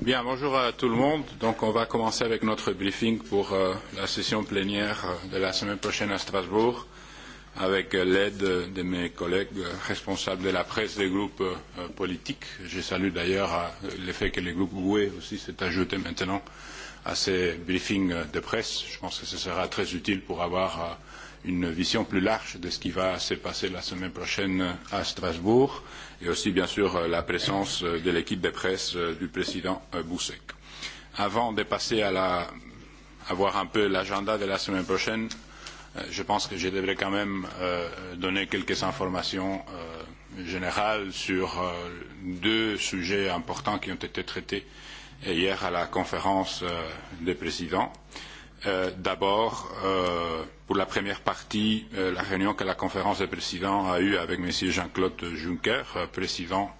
Bien, bonjour à tout le monde. Donc, on va commencer avec notre briefing pour euh, la session plénière euh, de la semaine prochaine à Strasbourg, avec euh, l'aide de mes collègues euh, responsables de la presse des groupes euh, politiques. Je salue d'ailleurs euh, le fait que le groupe Goué aussi s'est ajouté maintenant à ces briefings euh, de presse. Je pense que ce sera très utile pour avoir euh, une vision plus large de ce qui va se passer la semaine prochaine à Strasbourg et aussi, bien sûr, la présence de l'équipe de presse du président Boussek. Avant de passer à, la, à voir un peu l'agenda de la semaine prochaine, euh, je pense que je devrais quand même euh, donner quelques informations euh, générales sur euh, deux sujets importants qui ont été traités hier à la conférence euh, des présidents. Euh, Euh, d'abord, euh, pour la première partie, euh, la réunion que la conférence des présidents a eue avec M. Jean-Claude Juncker, président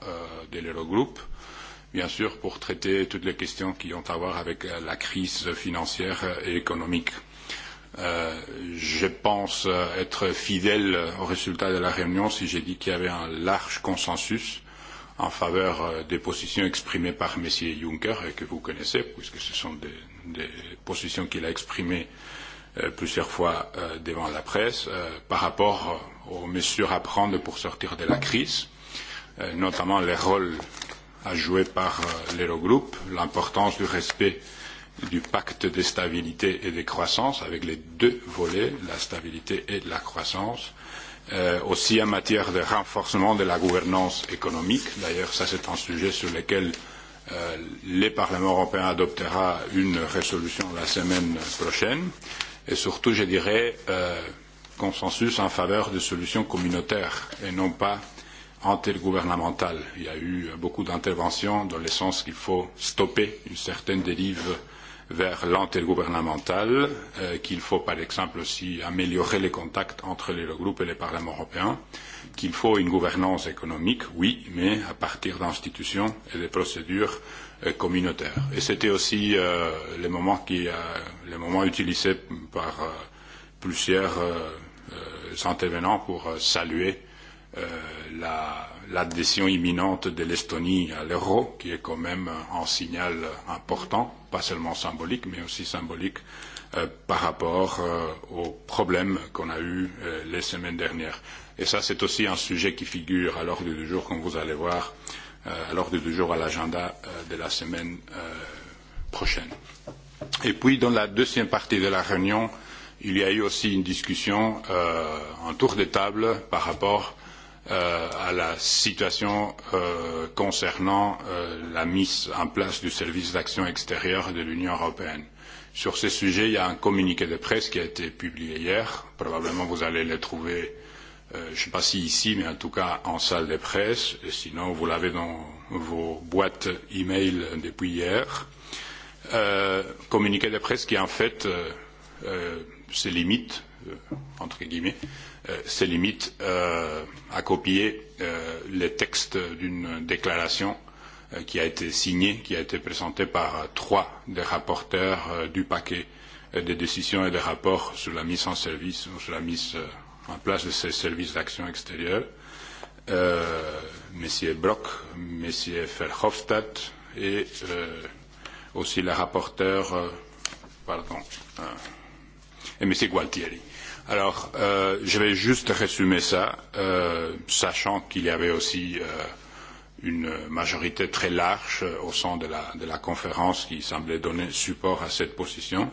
de l'Eurogroupe, bien sûr pour traiter toutes les questions qui ont à voir avec la crise financière et économique. Euh, je pense être fidèle au résultat de la réunion si j'ai dit qu'il y avait un large consensus en faveur des positions exprimées par M. Juncker et que vous connaissez, puisque ce sont des, des positions qu'il a exprimées euh, plusieurs fois euh, devant la presse euh, par rapport euh, aux mesures à prendre pour sortir de la crise, euh, notamment les rôles à jouer par euh, l'Eurogroupe, l'importance du respect du pacte de stabilité et de croissance avec les deux volets, la stabilité et la croissance, euh, aussi en matière de renforcement de la gouvernance économique. D'ailleurs, ça c'est un sujet sur lequel euh, Euh, le Parlement européen adoptera une résolution la semaine prochaine et surtout, je dirais, euh, consensus en faveur de solutions communautaires et non pas intergouvernementales. Il y a eu beaucoup d'interventions dans le sens qu'il faut stopper une certaine dérive euh, vers l'intergouvernemental, euh, qu'il faut par exemple aussi améliorer les contacts entre l'Eurogroupe et le Parlement européen, qu'il faut une gouvernance économique, oui, mais à partir d'institutions et de procédures euh, communautaires. Et c'était aussi euh, le moment qui, euh, le moment utilisé par euh, plusieurs euh, euh, intervenants pour euh, saluer euh, la l'adhésion imminente de l'Estonie à l'euro, qui est quand même un signal important, pas seulement symbolique, mais aussi symbolique euh, par rapport euh, aux problèmes qu'on a eus euh, les semaines dernières. Et ça, c'est aussi un sujet qui figure à l'ordre du jour, comme vous allez voir, euh, à l'ordre du jour à l'agenda euh, de la semaine euh, prochaine. Et puis, dans la deuxième partie de la réunion, il y a eu aussi une discussion, euh, un tour de table par rapport euh, euh, à la situation euh, concernant euh, la mise en place du service d'action extérieure de l'Union européenne. Sur ce sujet, il y a un communiqué de presse qui a été publié hier. Probablement, vous allez le trouver, euh, je ne sais pas si ici, mais en tout cas en salle de presse. Et sinon, vous l'avez dans vos boîtes e-mail depuis hier. Euh, communiqué de presse qui, en fait, euh, euh, se limite, euh, entre guillemets, Euh, se limite euh, à copier euh, les textes d'une déclaration euh, qui a été signée, qui a été présentée par euh, trois des rapporteurs euh, du paquet euh, des décisions et des rapports sur la mise en service ou sur la mise en place de ces services d'action extérieure. Euh, Monsieur Brock, Monsieur Verhofstadt et euh, aussi la rapporteure, euh, pardon, euh, et Monsieur Gualtieri. Alors, euh, je vais juste résumer ça, euh, sachant qu'il y avait aussi euh, une majorité très large euh, au sein de la, de la conférence qui semblait donner support à cette position,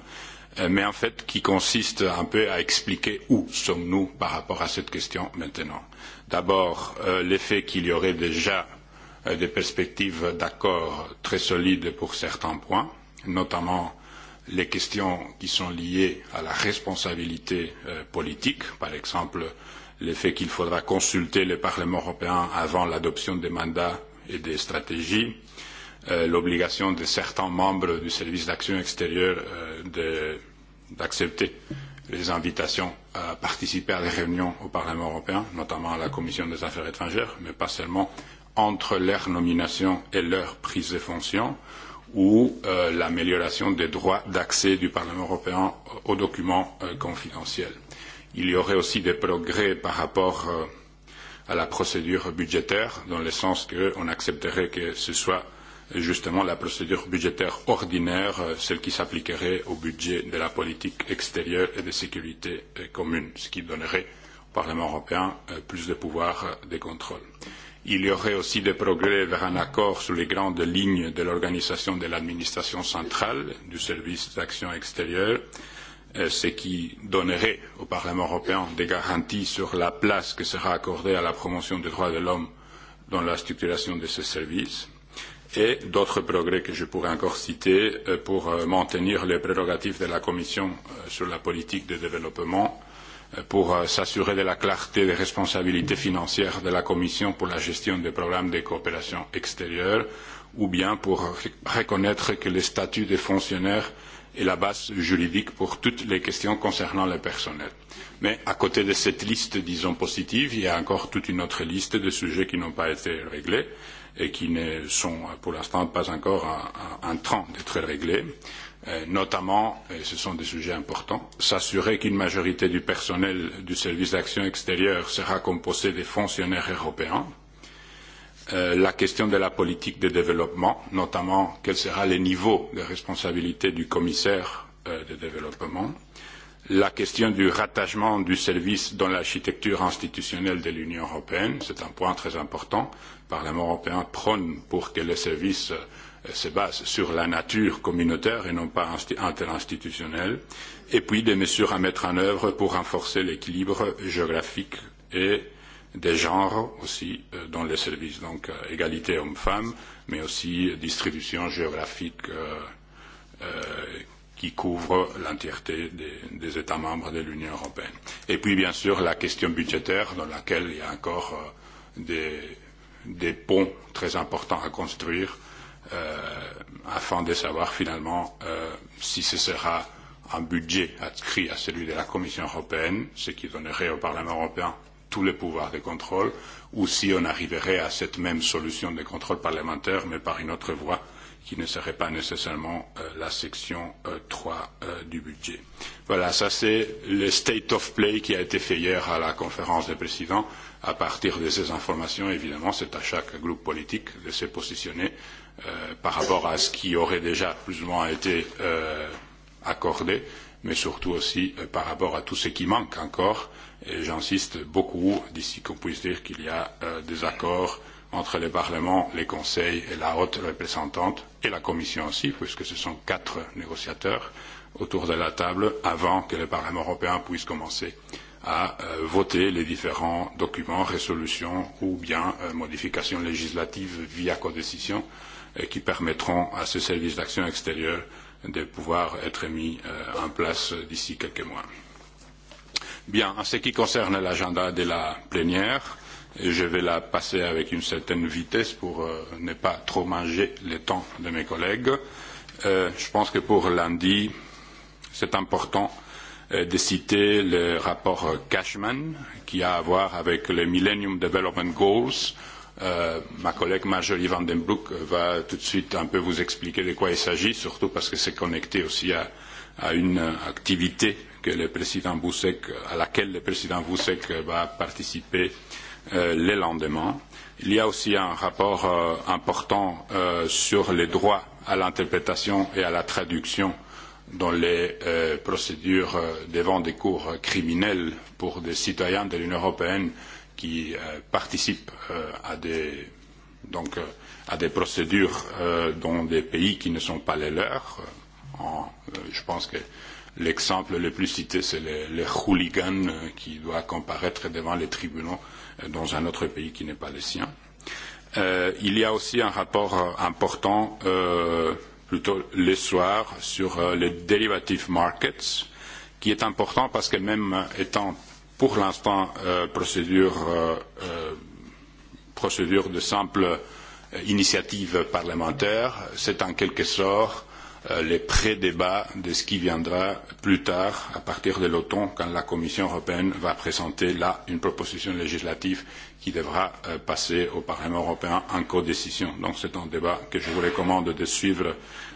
euh, mais en fait qui consiste un peu à expliquer où sommes-nous par rapport à cette question maintenant. D'abord, euh, l'effet qu'il y aurait déjà euh, des perspectives d'accord très solides pour certains points, notamment les questions qui sont liées à la responsabilité euh, politique, par exemple le fait qu'il faudra consulter le Parlement européen avant l'adoption des mandats et des stratégies, euh, l'obligation de certains membres du service d'action extérieure euh, d'accepter les invitations à participer à des réunions au Parlement européen, notamment à la Commission des affaires étrangères, mais pas seulement entre leur nomination et leur prise de fonction. Euh, ou euh, l'amélioration des droits d'accès du Parlement européen euh, aux documents euh, confidentiels. Il y aurait aussi des progrès par rapport euh, à la procédure budgétaire, dans le sens qu'on accepterait que ce soit euh, justement la procédure budgétaire ordinaire, euh, celle qui s'appliquerait au budget de la politique extérieure et de sécurité commune, ce qui donnerait au Parlement européen plus de pouvoir de contrôle. Euh, Il y aurait aussi des progrès vers un accord sur les grandes lignes de l'organisation de l'administration centrale du service d'action extérieure, euh, ce qui donnerait au Parlement européen des garanties sur la place que sera accordée à la promotion des droits de l'homme dans la structuration de ce service et d'autres progrès que je pourrais encore citer euh, pour euh, maintenir les prérogatives de la Commission sur la politique de développement pour euh, s'assurer de la clarté des responsabilités financières de la Commission pour la gestion des programmes de coopération extérieure ou bien pour reconnaître que le statut des fonctionnaires est la base juridique pour toutes les questions concernant le personnel. Mais à côté de cette liste, disons, positive, il y a encore toute une autre liste de sujets qui n'ont pas été réglés et qui ne sont pour l'instant pas encore en, train d'être réglés. Euh, notamment, et euh, ce sont des sujets importants, s'assurer qu'une majorité du personnel du service d'action extérieure sera composée de fonctionnaires européens, euh, la question de la politique de développement, notamment quel sera le niveau de responsabilité du commissaire euh, de développement, la question du rattachement du service dans l'architecture institutionnelle de l'Union européenne, c'est un point très important. Le Parlement européen prône pour que le service euh, Euh, se base sur la nature communautaire et non pas interinstitutionnelle, et puis des mesures à mettre en œuvre pour renforcer l'équilibre géographique et des genres aussi euh, dans les services, donc euh, égalité hommes-femmes, mais aussi distribution géographique euh, euh, qui couvre l'entièreté des, des États membres de l'Union européenne. Et puis bien sûr la question budgétaire dans laquelle il y a encore euh, des, des ponts très importants à construire Euh, afin de savoir finalement euh, si ce sera un budget adscrit à celui de la Commission européenne, ce qui donnerait au Parlement européen tous les pouvoirs de contrôle, ou si on arriverait à cette même solution de contrôle parlementaire, mais par une autre voie qui ne serait pas nécessairement euh, la section euh, 3 euh, du budget. Voilà, ça c'est le state of play qui a été fait hier à la conférence des présidents. À partir de ces informations, évidemment, c'est à chaque groupe politique de se positionner Euh, par rapport à ce qui aurait déjà plus ou moins été euh, accordé, mais surtout aussi euh, par rapport à tout ce qui manque encore. Et j'insiste beaucoup d'ici qu'on puisse dire qu'il y a euh, des accords entre les parlements, les conseils et la haute représentante et la commission aussi, puisque ce sont quatre négociateurs autour de la table avant que le Parlement européen puisse commencer à euh, voter les différents documents, résolutions ou bien euh, modifications législatives via codécision. décision Euh, qui permettront à ce service d'action extérieure de pouvoir être mis euh, en place d'ici quelques mois. Bien, en ce qui concerne l'agenda de la plénière, je vais la passer avec une certaine vitesse pour euh, ne pas trop manger le temps de mes collègues. je pense que pour lundi, c'est important de citer le rapport Cashman qui a à voir avec les Millennium Development Goals Euh, ma collègue Marjorie Van Den Broek euh, va tout de suite un peu vous expliquer de quoi il s'agit, surtout parce que c'est connecté aussi à, à une activité que le président Boussek, à laquelle le président Boussek va participer euh, les lendemains. Il y a aussi un rapport euh, important euh, sur les droits à l'interprétation et à la traduction dans les euh, procédures euh, devant des cours criminelles pour des citoyens de l'Union européenne qui euh, participent euh, à des donc euh, à des procédures euh, dans des pays qui ne sont pas les leurs. Euh, en, euh, je pense que l'exemple le plus cité, c'est les, les hooligans euh, qui doivent comparaître devant les tribunaux euh, dans un autre pays qui n'est pas le sien. Euh, il y a aussi un rapport euh, important, euh, plutôt le soir, sur euh, les derivative markets, qui est important parce que même euh, étant pour l'instant euh, procédure, euh, euh procédure de simple euh, initiative parlementaire. C'est en quelque sorte euh, les pré-débats de ce qui viendra plus tard, à partir de l'automne, quand la Commission européenne va présenter là une proposition législative qui devra euh, passer au Parlement européen en codécision. Donc c'est un débat que je vous recommande de suivre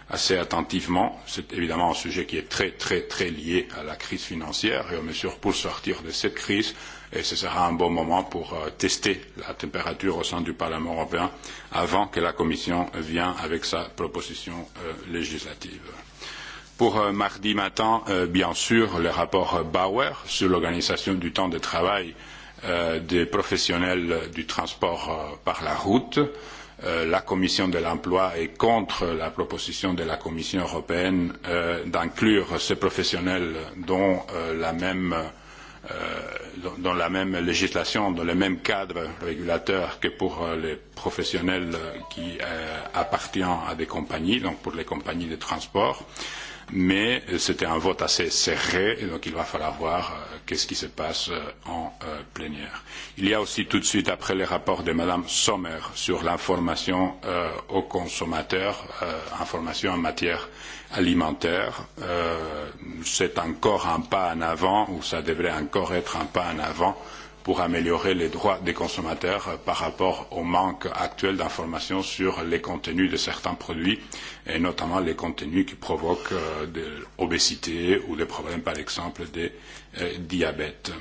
assez attentivement. C'est évidemment un sujet qui est très, très, très lié à la crise financière et aux mesures pour sortir de cette crise. Et ce sera un bon moment pour euh, tester la température au sein du Parlement européen avant que la Commission vienne avec sa proposition euh, législative. Pour euh, mardi matin, euh, bien sûr, le rapport Bauer sur l'organisation du temps de travail euh, des professionnels du transport euh, par la route. Euh, Euh, la commission de l'emploi est contre la proposition de la Commission européenne euh, d'inclure ces professionnels dans, euh, la même, euh, dans la même législation, dans le même cadre régulateur que pour euh, les professionnels qui euh, appartiennent à des compagnies, donc pour les compagnies de transport. Euh, mais c'était un vote assez serré, et donc il va falloir voir euh, qu'est-ce qui se passe euh, en euh, plénière. Il y a aussi tout de suite après le rapport de Madame Sommer sur l'information euh, aux consommateurs, euh, information en matière alimentaire. Euh, C'est encore un pas en avant, ou ça devrait encore être un pas en avant euh, pour améliorer les droits des consommateurs euh, par rapport au manque actuel d'informations sur les contenus de certains produits, et notamment les contenus qui provoquent euh, de l'obésité ou des problèmes, par exemple, de euh, diabète.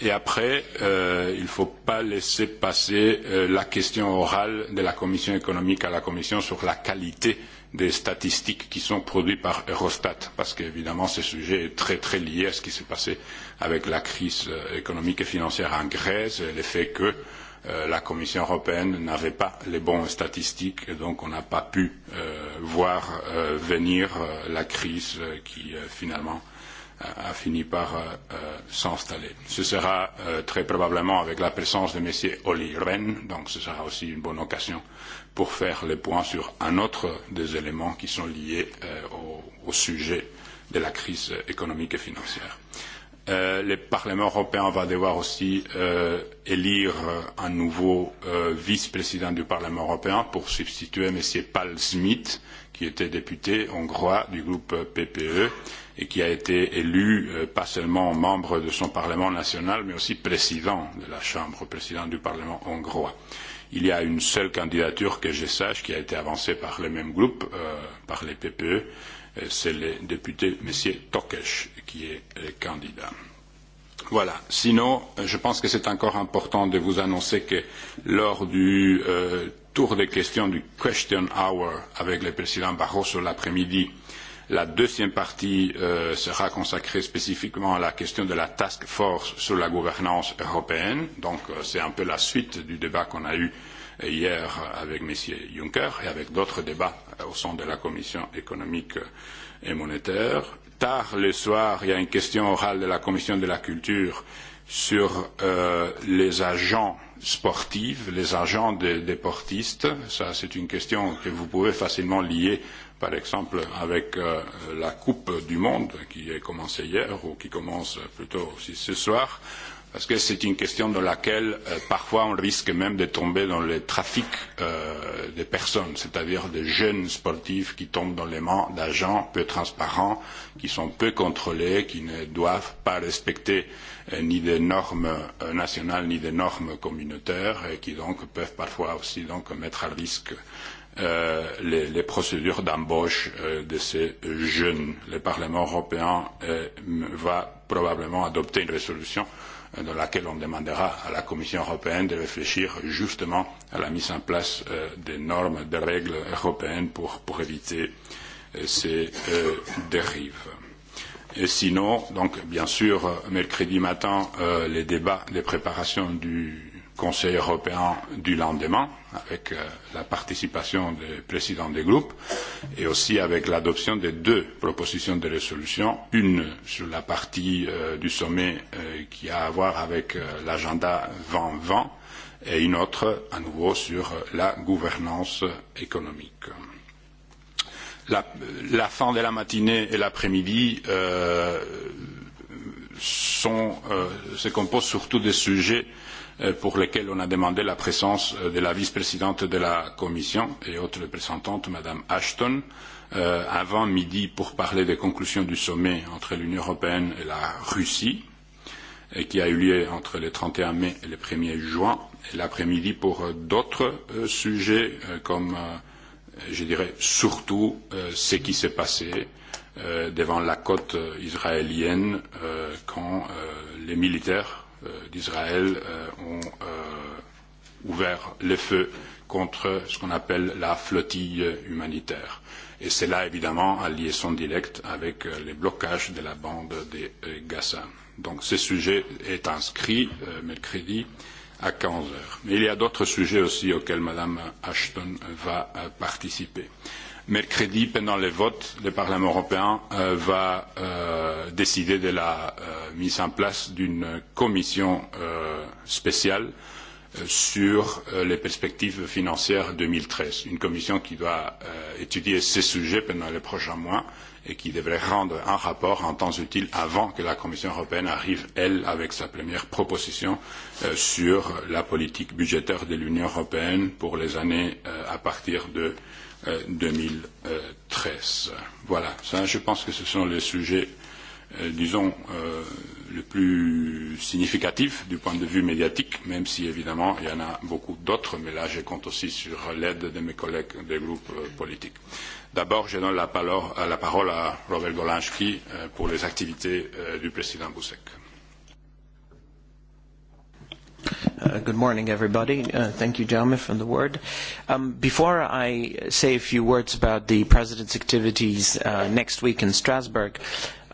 Et après, euh, il ne faut pas laisser passer euh, la question orale de la Commission économique à la Commission sur la qualité euh, des statistiques qui sont produites par Eurostat, parce qu'évidemment ce sujet est très très lié à ce qui s'est passé avec la crise euh, économique et financière en Grèce et le fait que euh, la Commission européenne n'avait pas les bonnes statistiques et donc on n'a pas pu euh, voir euh, venir euh, la crise euh, qui euh, finalement a fini par euh, euh, s'installer. Ce sera euh, très probablement avec la présence de M. Olli Rehn, donc ce sera aussi une bonne occasion pour faire le point sur un autre des éléments qui sont liés euh, au, au sujet de la crise économique et financière. Euh, le Parlement européen va devoir aussi euh, élire un nouveau euh, vice-président du Parlement européen pour substituer M. Paul Smith, qui était député hongrois du groupe PPE et qui a été élu euh, pas seulement membre de son Parlement national, mais aussi président de la Chambre, président du Parlement hongrois. Il y a une seule candidature que je sache qui a été avancée par le même groupe, euh, par les PPE, euh, c'est le député M. Tokesh qui est le candidat. Voilà. Sinon, je pense que c'est encore important de vous annoncer que lors du euh, tour des questions du Question Hour avec le président Barroso l'après-midi, La deuxième partie euh, sera consacrée spécifiquement à la question de la task force sur la gouvernance européenne. Donc euh, c'est un peu la suite du débat qu'on a eu hier avec M. Juncker et avec d'autres débats euh, au sein de la Commission économique euh, et monétaire. Tard le soir, il y a une question orale de la Commission de la culture sur euh, les agents sportifs, les agents des déportistes. Ça, c'est une question que vous pouvez facilement lier par exemple avec euh, la Coupe du Monde qui a commencé hier ou qui commence plutôt aussi ce soir, parce que c'est une question dans laquelle euh, parfois on risque même de tomber dans le trafic euh, des personnes, c'est-à-dire des jeunes sportifs qui tombent dans les mains d'agents peu transparents, qui sont peu contrôlés, qui ne doivent pas respecter euh, ni des normes euh, nationales ni des normes communautaires et qui donc peuvent parfois aussi donc mettre à risque euh, Euh, les, les procédures d'embauche euh, de ces jeunes. Le Parlement européen euh, va probablement adopter une résolution euh, dans laquelle on demandera à la Commission européenne de réfléchir justement à la mise en place euh, des normes, des règles européennes pour, pour éviter euh, ces euh, dérives. Et sinon, donc bien sûr, euh, mercredi matin, euh, les débats les préparations du, Conseil européen du lendemain, avec euh, la participation des présidents des groupes et aussi avec l'adoption de deux propositions de résolution, une sur la partie euh, du sommet euh, qui a à voir avec euh, l'agenda 2020 et une autre à nouveau sur euh, la gouvernance économique. La, la fin de la matinée et l'après-midi euh, sont, euh, se composent surtout des sujets euh, Euh, pour lesquels on a demandé la présence euh, de la vice-présidente de la Commission et haute représentante, Madame Ashton, euh, avant midi pour parler des conclusions du sommet entre l'Union européenne et la Russie, et qui a eu lieu entre le 31 mai et le 1er juin, et l'après-midi pour euh, d'autres euh, sujets, euh, comme, euh, je dirais, surtout euh, ce qui s'est passé euh, devant la côte israélienne euh, quand euh, les militaires Euh, d'Israël euh, ont euh, ouvert le feu contre ce qu'on appelle la flottille humanitaire. Et c'est là, évidemment, en liaison directe avec les blocages de la bande de Gaza. Donc ce sujet est inscrit euh, mercredi à 15 heures. Mais il y a d'autres sujets aussi auxquels Mme Ashton va euh, participer. Euh, mercredi, pendant le vote, le Parlement européen euh, va euh, décider de la euh, mise en place d'une commission euh, spéciale euh, sur euh, les perspectives financières 2013. Une commission qui doit euh, étudier ces sujets pendant les prochains mois et qui devrait rendre un rapport en temps utile avant que la Commission européenne arrive, elle, avec sa première proposition euh, sur la politique budgétaire de l'Union européenne pour les années euh, à partir de euh, 2013. Euh, voilà, ça je pense que ce sont les sujets, euh, disons, euh, le plus significatif du point de vue médiatique, même si évidemment il y en a beaucoup d'autres, mais là je compte aussi sur l'aide de mes collègues des groupes euh, politiques. D'abord, je donne la parole, la parole à Robert Golanski euh, pour les activités euh, du président Boussek. Uh, good morning, everybody. Uh, thank you, Jaume, for the word. Um, before I say a few words about the President's activities uh, next week in Strasbourg,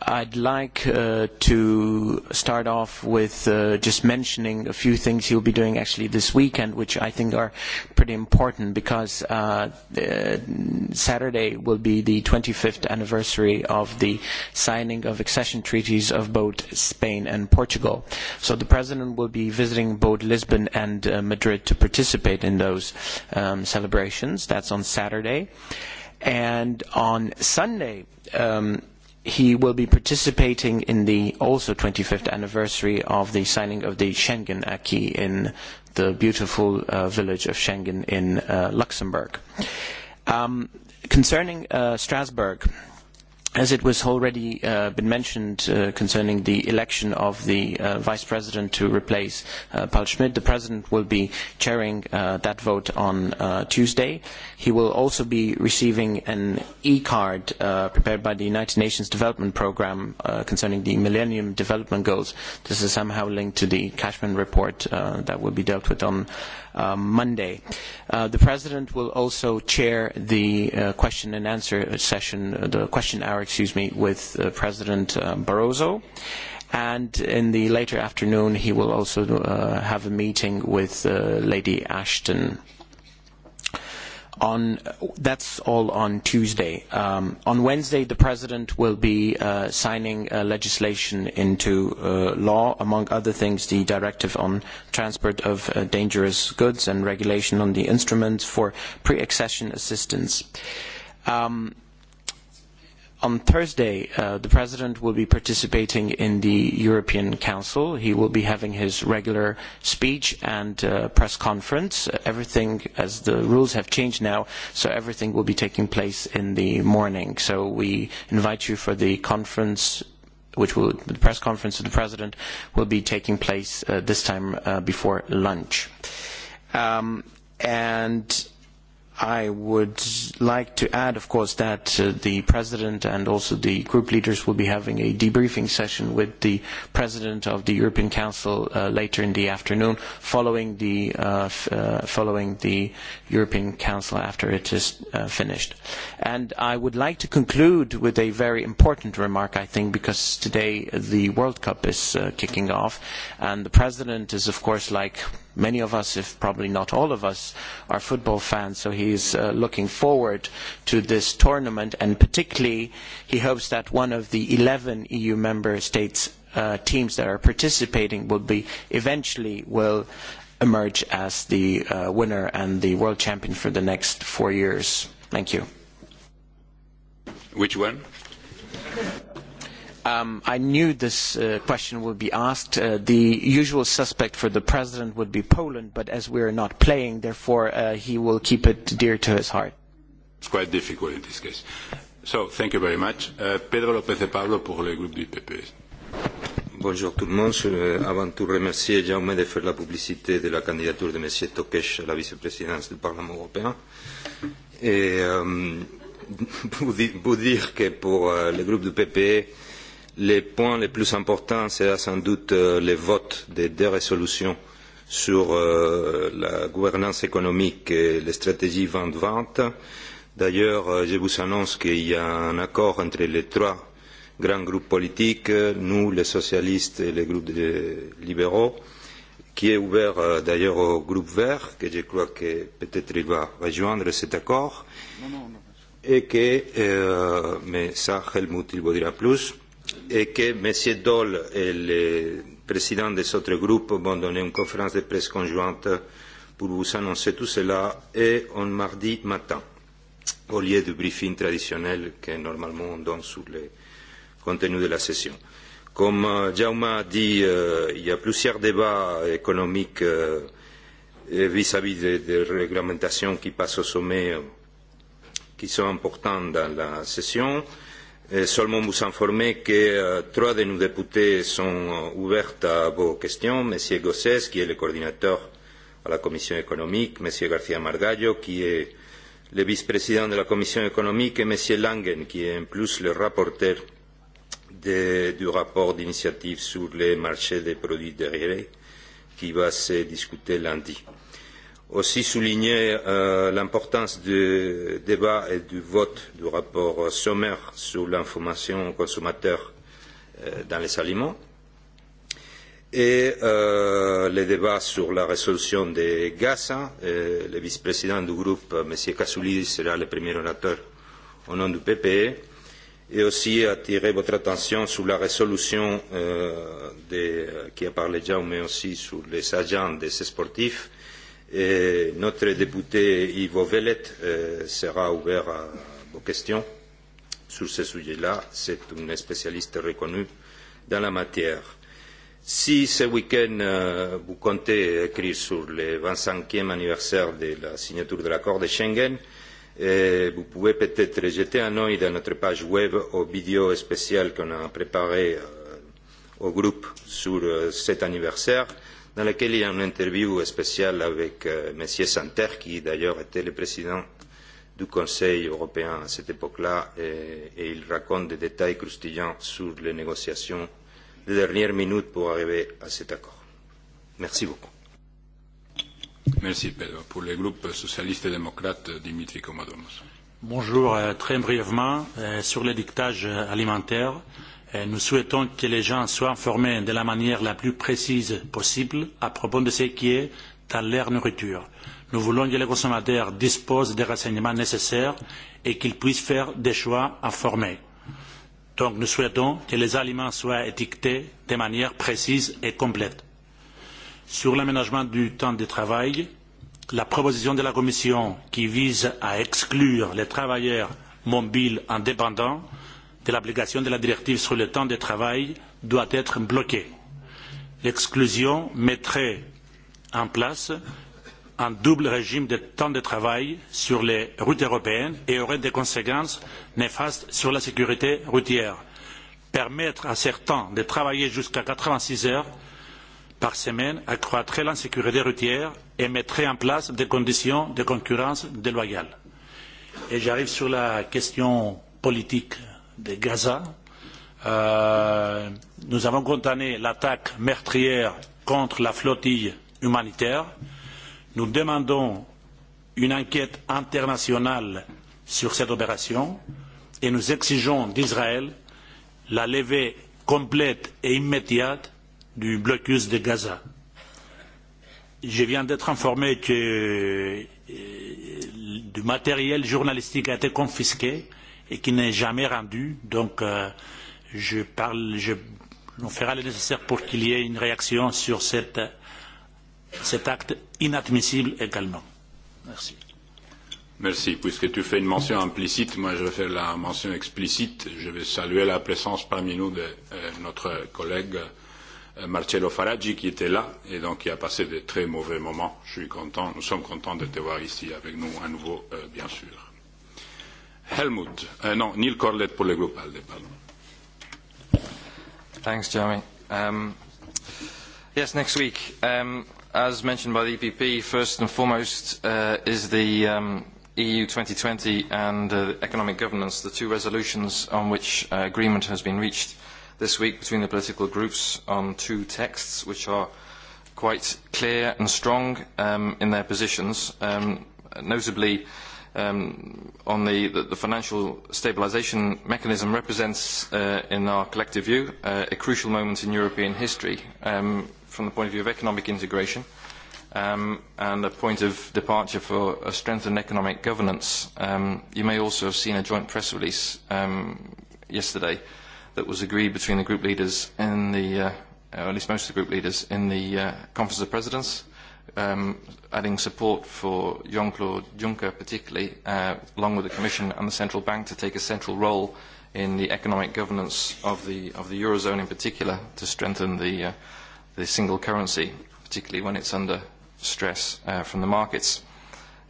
I'd like uh, to start off with uh, just mentioning a few things you'll be doing actually this weekend, which I think are pretty important because uh, uh Saturday will be the 25th anniversary of the signing of accession treaties of both Spain and Portugal. So the President will be visiting both Lisbon and uh, Madrid to participate in those um, celebrations. That's on Saturday. And on Sunday, um, he will be participating in the also 25th anniversary of the signing of the Schengen Acquis in the beautiful uh, village of Schengen in uh, Luxembourg. Um, concerning uh, Strasbourg, as it was already uh, been mentioned uh, concerning the election of the uh, vice president to replace uh, Paul Schmidt, the president will be chairing uh, that vote on uh, Tuesday. He will also be receiving an e-card uh, prepared by the United Nations Development Programme uh, concerning the Millennium Development Goals. This is somehow linked to the Cashman report uh, that will be dealt with on Um, Monday. Uh, the President will also chair the uh, question and answer session, uh, the question hour, excuse me, with uh, President uh, Barroso. And in the later afternoon, he will also uh, have a meeting with uh, Lady Ashton. On, that's all on Tuesday. Um, on Wednesday, the President will be uh, signing uh, legislation into uh, law, among other things, the Directive on Transport of uh, Dangerous Goods and regulation on the instruments for pre-accession assistance. Um, on Thursday, uh, the President will be participating in the European Council. He will be having his regular speech and uh, press conference. everything, as the rules have changed now, so everything will be taking place in the morning. So we invite you for the conference which will, the press conference of the President will be taking place uh, this time uh, before lunch. Um, and I would like to add, of course, that uh, the President and also the group leaders will be having a debriefing session with the President of the European Council uh, later in the afternoon, following the, uh, uh, following the European Council after it is uh, finished. And I would like to conclude with a very important remark, I think, because today the World Cup is uh, kicking off, and the President is, of course, like many of us, if probably not all of us, are football fans, so he's uh, looking forward to this tournament, and particularly he hopes that one of the 11 EU member states uh, teams that are participating will be eventually will emerge as the uh, winner and the world champion for the next four years. Thank you. Which one? Um, I knew this uh, question would be asked. Uh, the usual suspect for the president would be Poland, but as we are not playing, therefore uh, he will keep it dear to his heart. It's quite difficult in this case. So, thank you very much. Uh, Pedro López de Pablo pour le groupe du PPE. Bonjour tout le monde. Je avant tout remercier Jaume de faire la publicité de la candidature de M. Tokesh à la vice-présidence du Parlement européen. Et euh, vous, dire que pour euh, le groupe du PPE, le point le plus important sera sans doute euh, le vote des deux résolutions sur euh, la gouvernance économique et les stratégies 2020. D'ailleurs, euh, je vous annonce qu'il y a un accord entre les trois grands groupes politiques, nous, les socialistes et les groupes de libéraux, qui est ouvert euh, d'ailleurs au groupe vert, que je crois que peut-être il va rejoindre cet accord, non, non, non. et que, euh, mais ça, Helmut, il vous dira plus, et que M. Daul et le eh, président des autres groupes vont donner une conférence de presse conjointe pour vous annoncer tout cela et en mardi matin, au lieu du briefing traditionnel que normalement on donne sur le contenu de la session. Comme euh, Jaume a dit, euh, il y a plusieurs débats économiques euh, vis-à-vis -vis des, des réglementations qui passent au sommet, euh, qui sont importants dans la session. Euh, Eh, seulement vous informer que euh, trois de nos députés sont euh, ouverts à vos questions. M. Gossès, qui est le coordinateur à la Commission économique, M. García Margallo, qui est le vice-président de la Commission économique, et M. Langen, qui est en plus le rapporteur de, du rapport d'initiative sur les marchés des produits dérivés, qui va se discuter lundi aussi souligner euh, l'importance du débat et du vote du rapport sommaire sur l'information aux consommateurs euh, dans les aliments et euh, les débats sur la résolution de Gaza. Et euh, le vice-président du groupe, M. Kassouli, sera le premier orateur au nom du PPE et aussi attirer votre attention sur la résolution euh, des, euh, qui a parlé déjà, mais aussi sur les agents des sportifs Et notre député Ivo Vellet euh, sera ouvert à vos questions sur ce sujet-là. C'est un spécialiste reconnu dans la matière. Si ce week-end euh, vous comptez écrire sur le 25e anniversaire de la signature de l'accord de Schengen, et euh, vous pouvez peut-être jeter un œil dans notre page web aux vidéos spéciales qu'on a préparées euh, au groupe sur euh, cet anniversaire dans laquelle il y a une interview spéciale avec euh, M. Santer, qui d'ailleurs était le président du Conseil européen à cette époque-là, et, et il raconte des détails croustillants sur les négociations de dernière minute pour arriver à cet accord. Merci beaucoup. Merci Pedro. Pour le groupe socialiste et démocrate, Dimitri Komodomos. Bonjour, euh, très brièvement, euh, sur alimentaire. Euh, nous souhaitons que les gens soient informés de la manière la plus précise possible à propos de ce qui est dans leur nourriture. Nous voulons que les consommateurs disposent des renseignements nécessaires et qu'ils puissent faire des choix informés. Donc nous souhaitons que les aliments soient étiquetés de manière précise et complète. Sur l'aménagement du temps de travail, la proposition de la Commission qui vise à exclure les travailleurs mobiles indépendants de l'application de la directive sur le temps de travail doit être bloquée. L'exclusion mettrait en place un double régime de temps de travail sur les routes européennes et aurait des conséquences néfastes sur la sécurité routière. Permettre à certains de travailler jusqu'à 86 heures par semaine accroîtrait l'insécurité routière et mettrait en place des conditions de concurrence déloyale. Et j'arrive sur la question politique de Gaza. Euh, nous avons condamné l'attaque meurtrière contre la flottille humanitaire. Nous demandons une enquête internationale sur cette opération et nous exigeons d'Israël la levée complète et immédiate du blocus de Gaza. Je viens d'être informé que euh, du matériel journalistique a été confisqué et qui n'est jamais rendu. Donc, euh, je parle, je, on fera le nécessaire pour qu'il y ait une réaction sur cette, cet acte inadmissible également. Merci. Merci. Puisque tu fais une mention implicite, moi je vais faire la mention explicite. Je vais saluer la présence parmi nous de euh, notre collègue euh, Marcello Faraggi qui était là et donc qui a passé de très mauvais moments. Je suis content, nous sommes contents de te voir ici avec nous à nouveau, euh, bien sûr. Helmut, uh, no, Neil Corlett pour le groupe ALDE, pardon. Thanks, Jeremy. Um, yes, next week, um, as mentioned by the EPP, first and foremost uh, is the um, EU 2020 and uh, economic governance, the two resolutions on which uh, agreement has been reached this week between the political groups on two texts which are quite clear and strong um, in their positions, um, notably um, on the, the, the financial stabilisation mechanism represents, uh, in our collective view, uh, a crucial moment in European history um, from the point of view of economic integration um, and a point of departure for a strengthened economic governance. Um, you may also have seen a joint press release um, yesterday that was agreed between the group leaders in the, uh, or at least most of the group leaders in the uh, Conference of Presidents. Uh, um, adding support for Jean-Claude Juncker particularly, uh, along with the Commission and the Central Bank, to take a central role in the economic governance of the, of the Eurozone in particular to strengthen the, uh, the single currency, particularly when it's under stress uh, from the markets.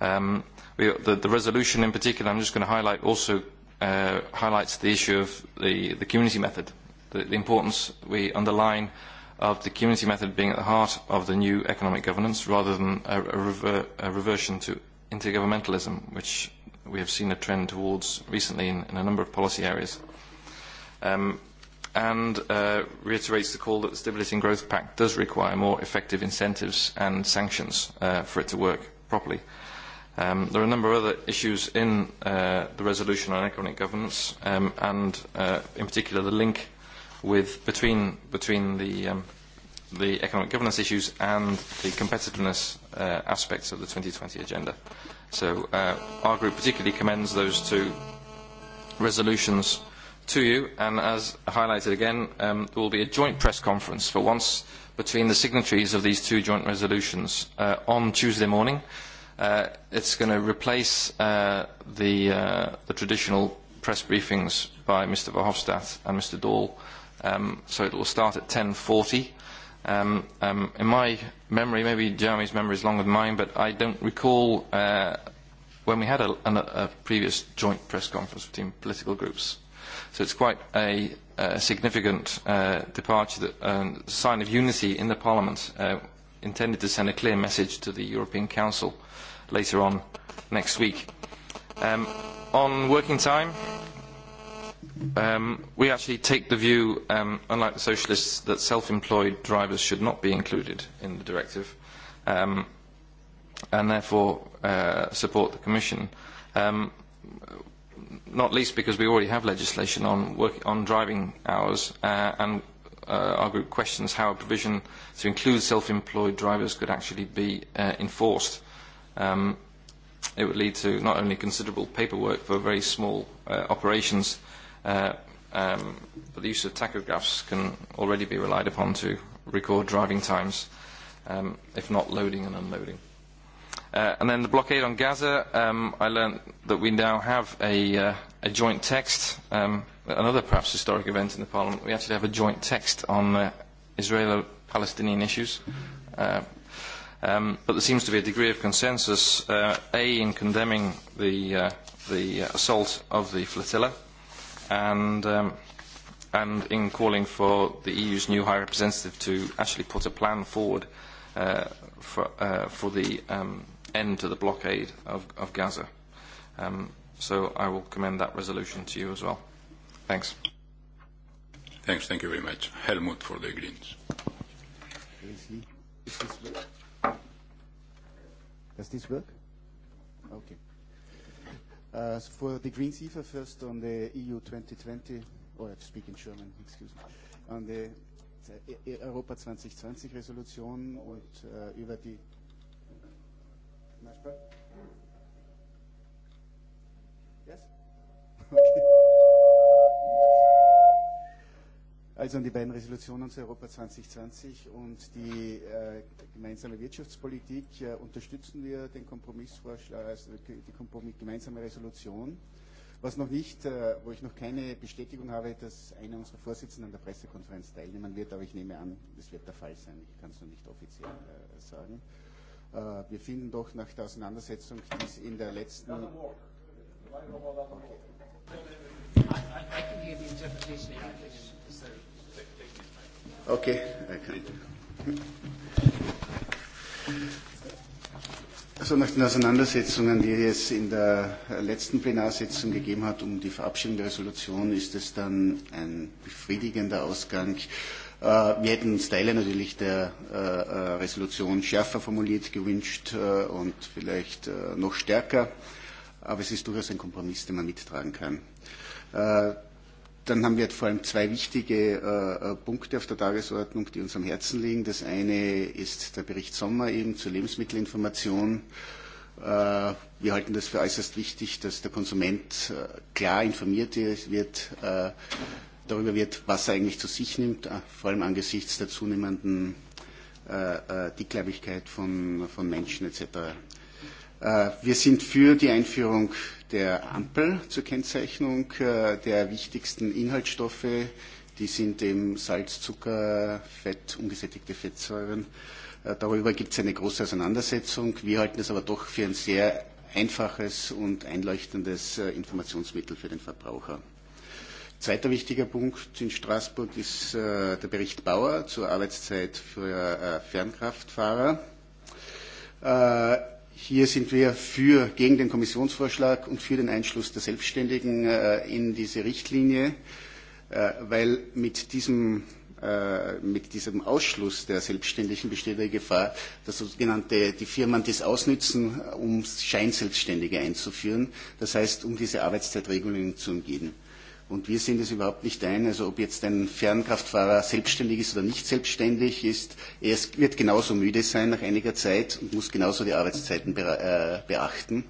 Um, we, the, the resolution in particular, I'm just going to highlight, also uh, highlights the issue of the, the community method, the, the importance we underline of the community method being at the heart of the new economic governance rather than a, a, rever a reversion to intergovernmentalism, which we have seen a trend towards recently in, in a number of policy areas. Um, and uh, reiterates the call that the Stability and Growth Pact does require more effective incentives and sanctions uh, for it to work properly. Um, there are a number of other issues in uh, the resolution on economic governance, um, and uh, in particular the link with between between the um, the economic governance issues and the competitiveness uh, aspects of the 2020 agenda. So uh, our group particularly commends those two resolutions to you, and as highlighted again, um, there will be a joint press conference for once between the signatories of these two joint resolutions uh, on Tuesday morning. Uh, it's going to replace uh, the, uh, the traditional press briefings by Mr Verhofstadt and Mr Daul um, so it will start at 10.40. Um, um, in my memory, maybe Jeremy's memory is longer than mine, but I don't recall uh, when we had a, a, a previous joint press conference between political groups. So it's quite a, a significant uh, departure, that, um, sign of unity in the Parliament, uh, intended to send a clear message to the European Council later on next week. Um, on working time, Um, we actually take the view, um, unlike the socialists, that self-employed drivers should not be included in the directive, um, and therefore uh, support the Commission. Um, not least because we already have legislation on, work, on driving hours, uh, and uh, our group questions how a provision to include self-employed drivers could actually be uh, enforced. Um, it would lead to not only considerable paperwork for very small uh, operations, Uh, um, but the use of tachographs can already be relied upon to record driving times, um, if not loading and unloading. Uh, and then the blockade on Gaza, um, I learned that we now have a, uh, a joint text, um, another perhaps historic event in the Parliament. We actually have a joint text on uh, Israeli-Palestinian issues. Uh, um, but there seems to be a degree of consensus, uh, A, in condemning the, uh, the assault of the flotilla, and, um, and in calling for the EU's new High Representative to actually put a plan forward uh, for, uh, for the um, end to the blockade of, of Gaza. Um, so I will commend that resolution to you as well. Thanks. Thanks. Thank you very much. Helmut for the Greens. Does this work? Okay. Uh, for the Green Eva, first on the EU 2020, or I speak in German, excuse me, on the uh, e, e, Europa 2020 Resolution und uh, über die. Yes? Okay. also an die beiden Resolutionen zu Europa 2020 und die äh, gemeinsame Wirtschaftspolitik äh, unterstützen wir den Kompromissvorschlag, also die Kompromiss, gemeinsame Resolution. Was noch nicht, äh, wo ich noch keine Bestätigung habe, dass einer unserer Vorsitzenden an der Pressekonferenz teilnehmen wird, aber ich nehme an, das wird der Fall sein. Ich kann es noch nicht offiziell äh, sagen. Äh, wir finden doch nach der Auseinandersetzung, die es in der letzten... Okay. Okay. Also nach den Auseinandersetzungen, die es in der letzten Plenarsitzung gegeben hat, um die Verabschiedung der Resolution, ist es dann ein befriedigender Ausgang. Äh, wir hätten uns Teile natürlich der äh, äh, Resolution schärfer formuliert gewünscht und vielleicht noch stärker, aber es ist durchaus ein Kompromiss, den man mittragen kann. Äh, dann haben wir vor allem zwei wichtige äh, äh, Punkte auf der Tagesordnung, die uns am Herzen liegen. Das eine ist der Bericht Sommer eben zur Lebensmittelinformation. Wir halten das für äußerst wichtig, dass der Konsument klar informiert wird, darüber wird, was er eigentlich zu sich nimmt, vor allem angesichts der zunehmenden Dickleibigkeit von, von Menschen etc. Wir sind für die Einführung der Ampel zur Kennzeichnung äh, der wichtigsten Inhaltsstoffe. Die sind eben Salz, Zucker, Fett, ungesättigte Fettsäuren. Äh, darüber gibt es eine große Auseinandersetzung. Wir halten es aber doch für ein sehr einfaches und einleuchtendes äh, Informationsmittel für den Verbraucher. Zweiter wichtiger Punkt in Straßburg ist der Bericht Bauer zur Arbeitszeit für Fernkraftfahrer. Hier sind wir für, gegen den Kommissionsvorschlag und für den Einschluss der Selbstständigen äh, in diese Richtlinie, äh, weil mit diesem, äh, mit diesem Ausschluss der Selbstständigen besteht die Gefahr, dass sogenannte die Firmen dies ausnützen, um Scheinselbstständige einzuführen, das heißt, um diese Arbeitszeitregelungen zu umgehen. Und wir sehen das überhaupt nicht ein. Also ob jetzt ein Fernkraftfahrer selbstständig ist oder nicht selbstständig ist, er wird genauso müde sein nach einiger Zeit und muss genauso die Arbeitszeiten äh, beachten.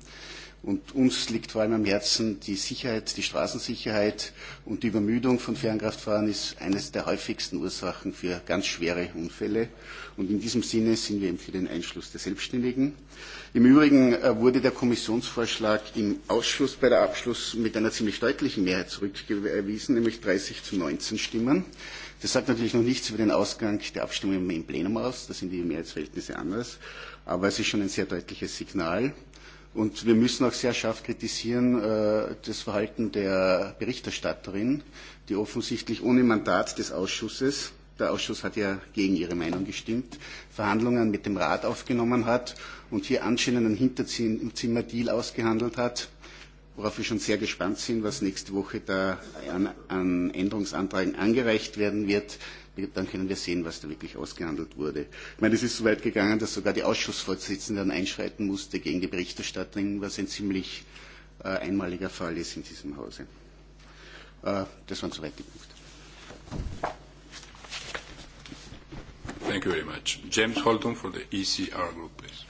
Und uns liegt vor allem am Herzen die Sicherheit, die Straßensicherheit und die Übermüdung von Fernkraftfahren ist eines der häufigsten Ursachen für ganz schwere Unfälle. Und in diesem Sinne sind wir eben für den Einschluss der Selbstständigen. Im Übrigen äh, wurde der Kommissionsvorschlag im Ausschuss bei der Abschluss mit einer ziemlich deutlichen Mehrheit zurückgewiesen, nämlich 30 zu 19 Stimmen. Das sagt natürlich noch nichts über den Ausgang der Abstimmung im Plenum aus. Da sind die Mehrheitsverhältnisse anders. Aber es ist schon ein sehr deutliches Signal. Und wir müssen auch sehr scharf kritisieren äh, das Verhalten der Berichterstatterin, die offensichtlich ohne Mandat des Ausschusses, der Ausschuss hat ja gegen ihre Meinung gestimmt, Verhandlungen mit dem Rat aufgenommen hat und hier anscheinend einen Hinterzimmerdeal ausgehandelt hat, worauf wir schon sehr gespannt sind, was nächste Woche da an, an Änderungsanträgen angereicht werden wird dann können wir sehen, was da wirklich ausgehandelt wurde. Ich meine, es ist so weit gegangen, dass sogar die Ausschussvorsitzende dann einschreiten musste gegen die Berichterstatterin, was ein ziemlich äh, einmaliger Fall ist in diesem Hause. Äh, das waren soweit die Punkte. Thank you very much. James Holton for the ECR group, please.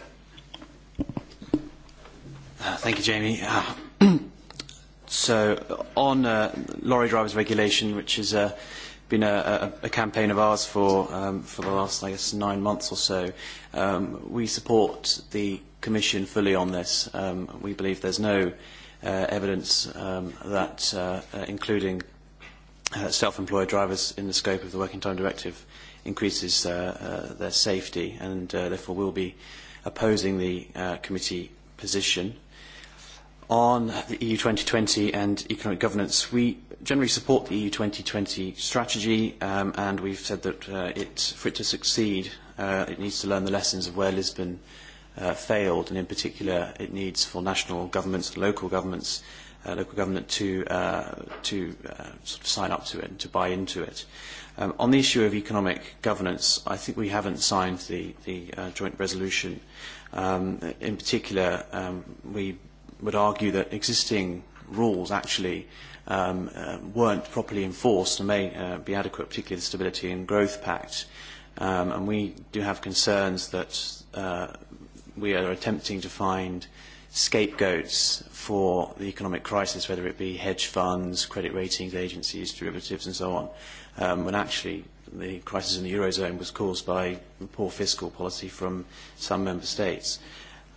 Uh, thank you, Jamie. Uh, so on uh, lorry drivers regulation, which is a uh, been a, a, a campaign of ours for, um, for the last, I guess, nine months or so. Um, we support the Commission fully on this. Um, we believe there's no uh, evidence um, that uh, uh including uh, self-employed drivers in the scope of the Working Time Directive increases uh, uh, their safety and uh, therefore we'll be opposing the uh, committee position. On the EU 2020 and economic governance, we generally support the EU 2020 strategy, um, and we've said that uh, it, for it to succeed, uh, it needs to learn the lessons of where Lisbon uh, failed, and in particular, it needs for national governments local governments, uh, local government to uh, to uh, sort of sign up to it and to buy into it. Um, on the issue of economic governance, I think we haven't signed the the uh, joint resolution. Um, in particular, um, we would argue that existing rules actually um, uh, weren't properly enforced and may uh, be adequate, particularly the Stability and Growth Pact. Um, and we do have concerns that uh, we are attempting to find scapegoats for the economic crisis, whether it be hedge funds, credit ratings agencies, derivatives, and so on, um, when actually the crisis in the Eurozone was caused by poor fiscal policy from some member states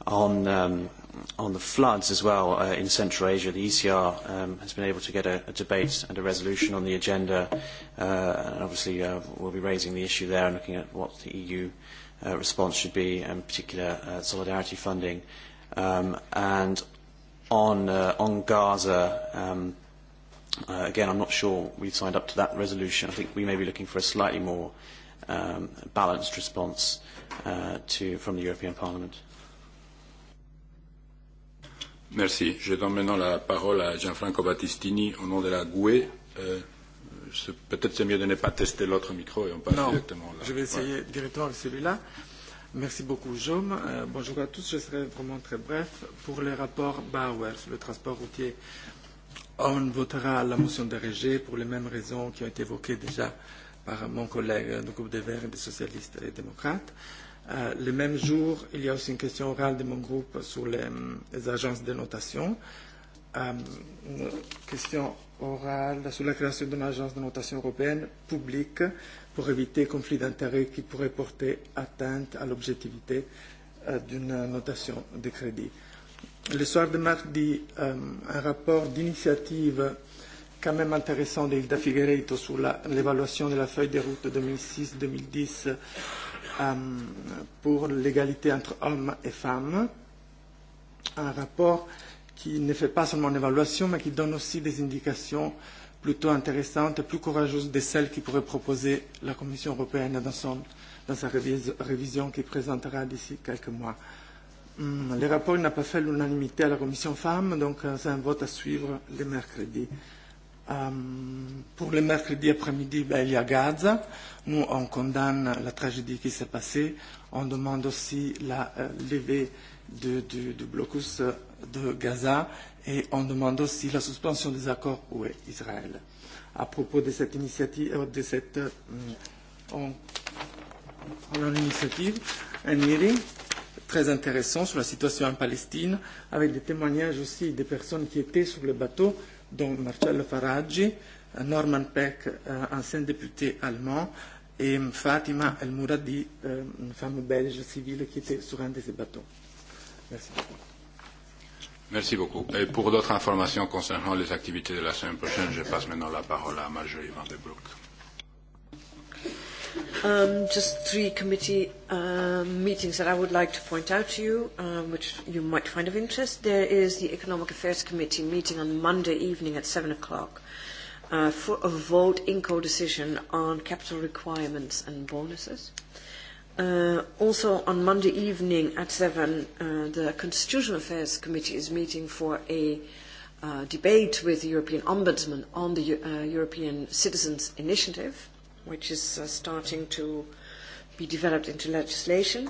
on um, on the floods as well uh, in Central Asia. The ECR um, has been able to get a, a debate and a resolution on the agenda, uh, and obviously uh, we'll be raising the issue there and looking at what the EU uh, response should be, and particular uh, solidarity funding. Um, and on uh, on Gaza. Um, uh, again, I'm not sure we've signed up to that resolution. I think we may be looking for a slightly more um, balanced response uh, to, from the European Parliament. Merci. Je donne maintenant la parole à Gianfranco Battistini au nom de la GUE. Euh, Peut-être c'est mieux de ne pas tester l'autre micro et on passe non, directement là. Je vais essayer ouais. directement avec celui-là. Merci beaucoup, Jaume. Euh, bonjour à tous. Je serai vraiment très bref. Pour le rapport Bauer sur le transport routier, on votera la motion de rejet pour les mêmes raisons qui ont été évoquées déjà par mon collègue du euh, groupe des Verts des Socialistes et Démocrates. Euh, Euh, le même jour, il y a aussi une question orale de mon groupe sur les, euh, les agences de notation. Euh, une question orale sur la création d'une agence de notation européenne publique pour éviter conflits d'intérêts qui pourraient porter atteinte à l'objectivité euh, d'une notation de crédit. Le soir de mardi, euh, un rapport d'initiative quand même intéressant d'Hilda Figueiredo sur l'évaluation de la feuille de route 2006-2010 Euh, pour l'égalité entre hommes et femmes, un rapport qui ne fait pas seulement une évaluation, mais qui donne aussi des indications plutôt intéressantes et plus courageuses de celles qui pourrait proposer la Commission européenne dans, son, dans sa révision, révision qui présentera d'ici quelques mois. le rapport n'a pas fait l'unanimité à la Commission femmes, donc euh, c'est un vote à suivre le mercredi. Euh, Euh, pour le mercredi après-midi, ben, il y a Gaza. Nous, on condamne la tragédie qui s'est passée. On demande aussi la euh, levée de, de, de blocus de Gaza et on demande aussi la suspension des accords UE Israël. À propos de cette initiative, euh, de cette euh, on, on a initiative, un hearing très intéressant sur la situation en Palestine, avec des témoignages aussi des personnes qui étaient sur le bateau dont Marcello Faraggi, Norman Peck, euh, ancien député allemand, et Fatima El Mouradi, euh, une femme belge civile qui était sur un de ces bateaux. Merci. Merci beaucoup. Et pour d'autres informations concernant les activités de la semaine prochaine, je passe maintenant la parole à Marjorie Van de Broek. Um, just three committee um, meetings that I would like to point out to you, um, which you might find of interest. There is the Economic Affairs Committee meeting on Monday evening at 7 o'clock uh, for a vote in co-decision on capital requirements and bonuses. Uh, also on Monday evening at 7, uh, the Constitutional Affairs Committee is meeting for a uh, debate with the European Ombudsman on the uh, European Citizens Initiative which is uh, starting to be developed into legislation.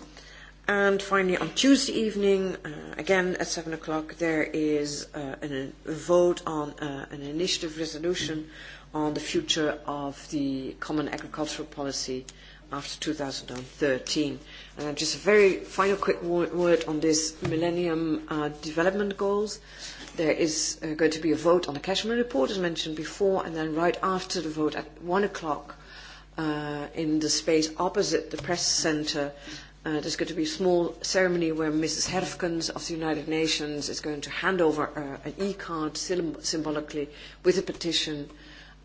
And finally, on Tuesday evening, uh, again at 7 o'clock, there is uh, an, a vote on uh, an initiative resolution on the future of the common agricultural policy after 2013. And uh, just a very final quick word on this Millennium uh, Development Goals. There is uh, going to be a vote on the Cashman Report, as mentioned before, and then right after the vote at 1 o'clock, uh, in the space opposite the press center. Uh, there's going to be a small ceremony where Mrs. Herfkens of the United Nations is going to hand over uh, an e-card symbolically with a petition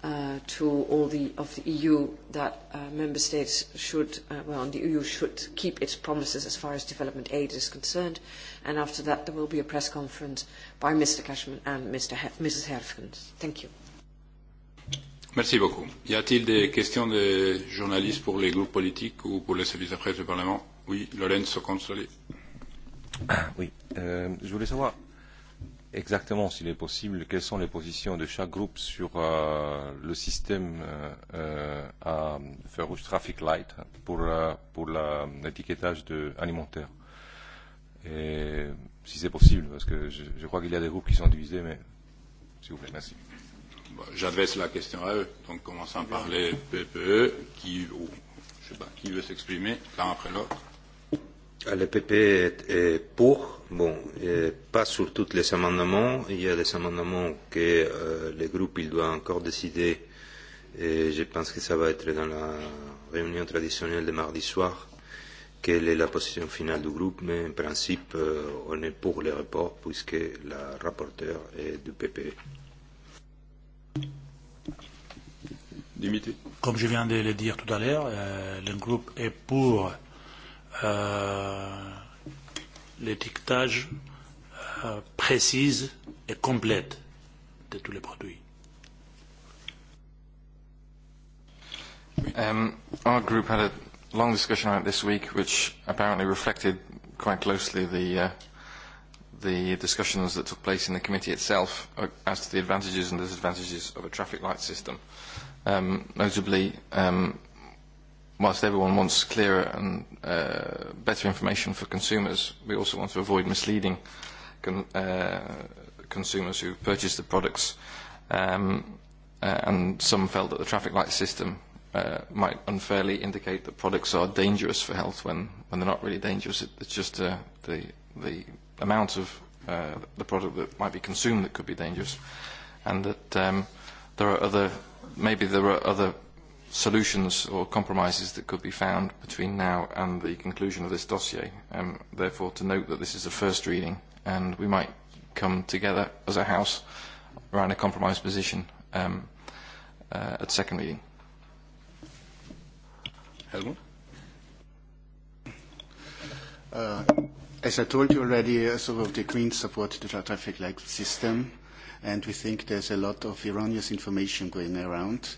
uh, to all the, of the EU that uh, member states should, uh, well, the EU should keep its promises as far as development aid is concerned. And after that, there will be a press conference by Mr. Cashman and Mr. He- Mrs. Herfkens. Thank you. Merci beaucoup. Y a-t-il des questions des journalistes pour les groupes politiques ou pour les services de presse du Parlement Oui, Lorenzo Consoli. Oui, euh, je voulais savoir exactement, s'il est possible, quelles sont les positions de chaque groupe sur euh, le système euh, euh à faire rouge traffic light pour, euh, pour l'étiquetage alimentaire. Et si c'est possible, parce que je, je crois qu'il y a des groupes qui sont divisés, mais s'il vous plaît, merci j'adresse la question à eux, donc commençant par les PPE, qui, ou, je sais pas, qui veut s'exprimer l'un après l'autre. Ah, le PPE est est pour, bon, et pas sur tous les amendements. Il y a des amendements que euh, le groupe il doit encore décider. Et je pense que ça va être dans la réunion traditionnelle de mardi soir. Quelle est la position finale du groupe Mais en principe, euh, on est pour les reports puisque la rapporteure est du PPE. Dimitri. Comme je viens de le dire tout à l'heure, euh, le groupe est pour euh, l'étiquetage euh, précise et complète de tous les produits. Um, our group had a long discussion on it this week, which apparently reflected quite closely the uh, the discussions that took place in the committee itself uh, as to the advantages and disadvantages of a traffic light system. Um, notably, um, whilst everyone wants clearer and uh, better information for consumers, we also want to avoid misleading con uh, consumers who purchase the products. Um, uh, and some felt that the traffic light system uh, might unfairly indicate that products are dangerous for health when, when they're not really dangerous. It, it's just uh, the, the amount of uh, the product that might be consumed that could be dangerous, and that um, there are other, maybe there are other solutions or compromises that could be found between now and the conclusion of this dossier. Um, therefore, to note that this is a first reading, and we might come together as a House around a compromise position um, uh, at second reading. Helmut? Uh, As I told you already, uh, sort of the Greens support the traffic light system, and we think there's a lot of erroneous information going around.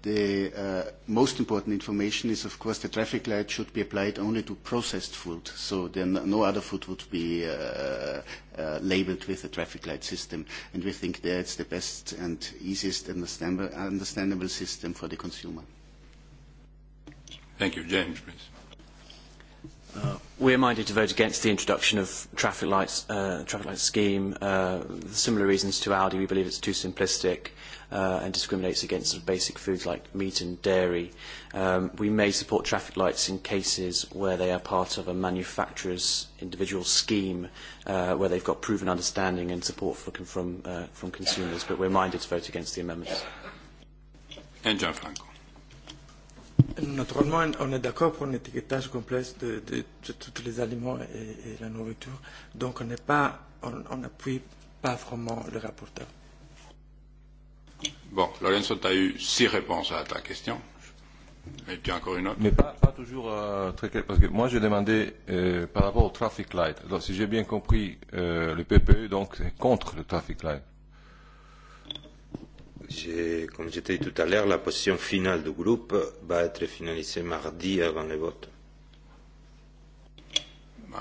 The uh, most important information is, of course, the traffic light should be applied only to processed food, so then no other food would be uh, uh, labeled with a traffic light system. And we think that it's the best and easiest understandable, understandable system for the consumer. Thank you. James, please. Uh, we are minded to vote against the introduction of traffic lights, uh, traffic light scheme. Uh, similar reasons to Aldi, we believe it's too simplistic uh, and discriminates against sort of basic foods like meat and dairy. Um, we may support traffic lights in cases where they are part of a manufacturer's individual scheme, uh, where they've got proven understanding and support for, from, uh, from consumers. But we're minded to vote against the amendments. And John Franco. Naturellement, on est d'accord pour un étiquetage complet de, de, de, de tous les aliments et, et la nourriture. Donc, on n'est pas, on n'appuie pas vraiment le rapporteur. Bon, Lorenzo, tu as eu six réponses à ta question. Et tu as encore une autre Mais pas, pas toujours euh, très clair, parce que moi j'ai demandé euh, par rapport au traffic light. Donc, si j'ai bien compris, euh, le PPE donc est contre le traffic light comme je t'ai dit tout à l'heure, la position finale du groupe va être finalisée mardi avant le vote.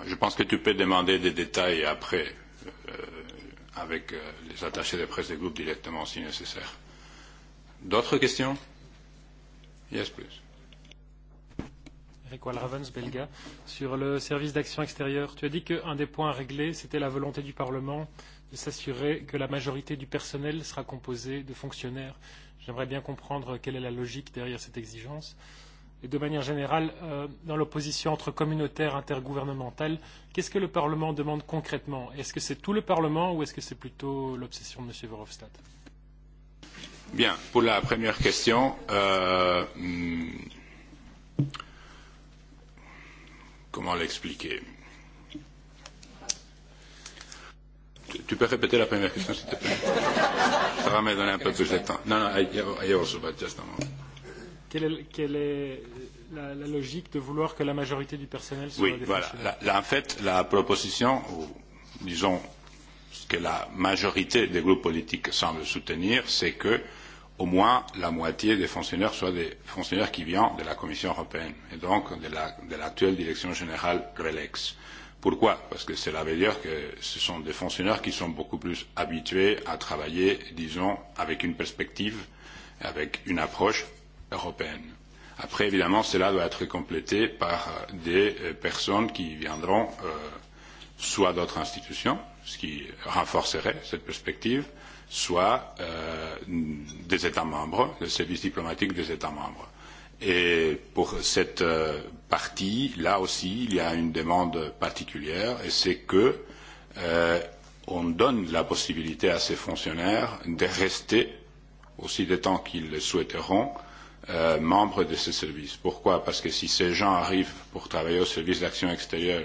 Je pense que tu peux demander des détails après euh, avec euh, les attachés de presse des groupes directement si nécessaire. D'autres questions Yes, please. Eric Walravens, Belga. Sur le service d'action extérieure, tu as dit qu'un des points à régler, c'était la volonté du Parlement euh, de s'assurer que la majorité du personnel sera composée de fonctionnaires. J'aimerais bien comprendre quelle est la logique derrière cette exigence. Et de manière générale, euh, dans l'opposition entre communautaire et intergouvernementale, qu'est-ce que le Parlement demande concrètement Est-ce que c'est tout le Parlement ou est-ce que c'est plutôt l'obsession de M. Verhofstadt Bien, pour la première question, euh, hmm, comment l'expliquer euh, Tu peux répéter la première question, s'il te plaît Ça va me donner un peu plus de temps. Non, non, I, also, but juste un moment. Quelle est, quelle est la, la logique de vouloir que la majorité du personnel soit Oui, des voilà. La, la, en fait, la proposition, ou disons ce que la majorité des groupes politiques semble soutenir, c'est que au moins la moitié des fonctionnaires soient des fonctionnaires qui viennent de la Commission européenne et donc de l'actuelle la, de direction générale RELEX. Pourquoi Parce que cela veut dire que ce sont des fonctionnaires qui sont beaucoup plus habitués à travailler, disons, avec une perspective, avec une approche européenne. Après, évidemment, cela doit être complété par des personnes qui viendront euh, soit d'autres institutions, ce qui renforcerait cette perspective, soit euh, des États membres, des services diplomatiques des États membres. Et pour cette euh, partie, là aussi, il y a une demande particulière, et c'est que euh, on donne la possibilité à ces fonctionnaires de rester aussi des temps qu'ils le souhaiteront euh, membres de ces services. Pourquoi Parce que si ces gens arrivent pour travailler au service d'action extérieure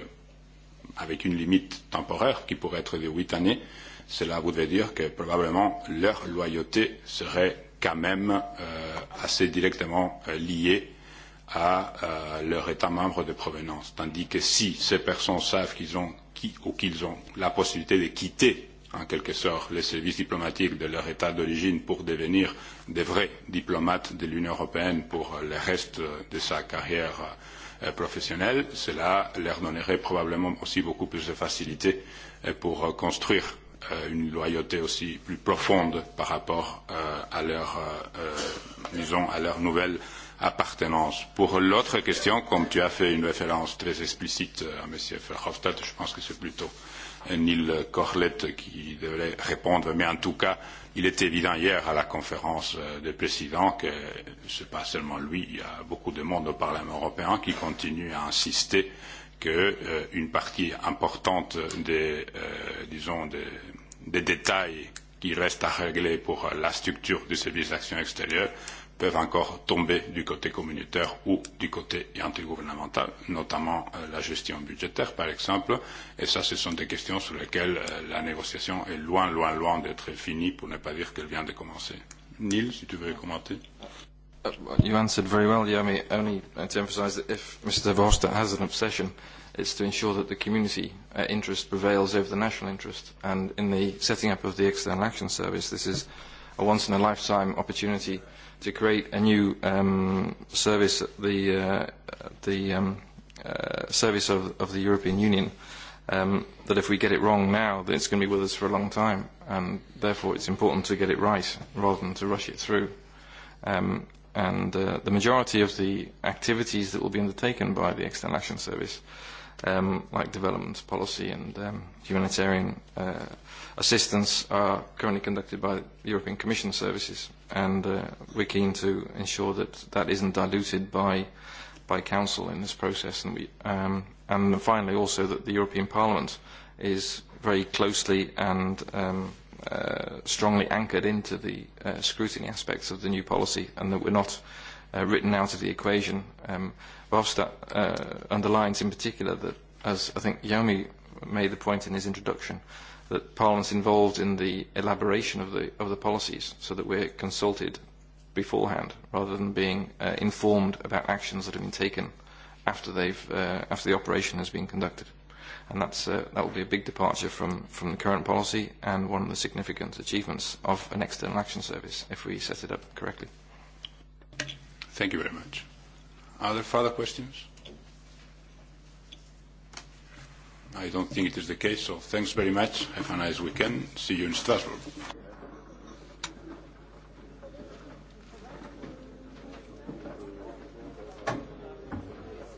avec une limite temporaire qui pourrait être de huit années, cela voudrait dire que probablement leur loyauté serait quand même euh, assez directement euh, liées à euh, leur État membre de provenance. Tandis que si ces personnes savent qu'ils ont qui, ou qu'ils ont la possibilité de quitter en quelque sorte les services diplomatiques de leur État d'origine pour devenir des vrais diplomates de l'Union européenne pour le reste de sa carrière euh, professionnelle, cela leur donnerait probablement aussi beaucoup plus de facilité euh, pour construire Euh, une loyauté aussi plus profonde par rapport euh, à leur, euh, disons, à leur nouvelle appartenance. Pour l'autre question, comme tu as fait une référence très explicite euh, à M. Verhofstadt, je pense que c'est plutôt euh, Neil Corlett qui devrait répondre. Mais en tout cas, il était évident hier à la conférence des présidents que ce n'est pas seulement lui, il y a beaucoup de monde au Parlement européen qui continue à insister qu'une euh, partie importante des, euh, disons, des des détails qui restent à régler pour euh, la structure du service d'action extérieure peuvent encore tomber du côté communautaire ou du côté intergouvernemental, notamment euh, la gestion budgétaire, par exemple. Et ça, ce sont des questions sur lesquelles euh, la négociation est loin, loin, loin d'être finie, pour ne pas dire qu'elle vient de commencer. Neil, si tu veux commenter. You uh, answered very well, Yami. Only uh, to emphasize that if Mr. Verhofstadt has an obsession, is to ensure that the community uh, interest prevails over the national interest. And in the setting up of the External Action Service, this is a once-in-a-lifetime opportunity to create a new um, service, the, uh, the um, uh, service of, of the European Union, um, that if we get it wrong now, then it's going to be with us for a long time. And therefore, it's important to get it right rather than to rush it through. Um, and uh, the majority of the activities that will be undertaken by the External Action Service um, like development policy and um, humanitarian uh, assistance are currently conducted by European Commission services and uh, we're keen to ensure that that isn't diluted by by Council in this process and, we, um, and finally also that the European Parliament is very closely and um, uh, strongly anchored into the uh, scrutiny aspects of the new policy and that we're not uh, uh, written out of the equation. Um, that uh, underlines in particular that, as I think Yomi made the point in his introduction, that Parliament's involved in the elaboration of the, of the policies so that we're consulted beforehand rather than being uh, informed about actions that have been taken after, they've, uh, after the operation has been conducted. And that's, uh, that will be a big departure from, from the current policy and one of the significant achievements of an external action service if we set it up correctly. Thank you very much. Are there further questions? I don't think it is the case, so thanks very much. Have a nice weekend. See you in Strasbourg.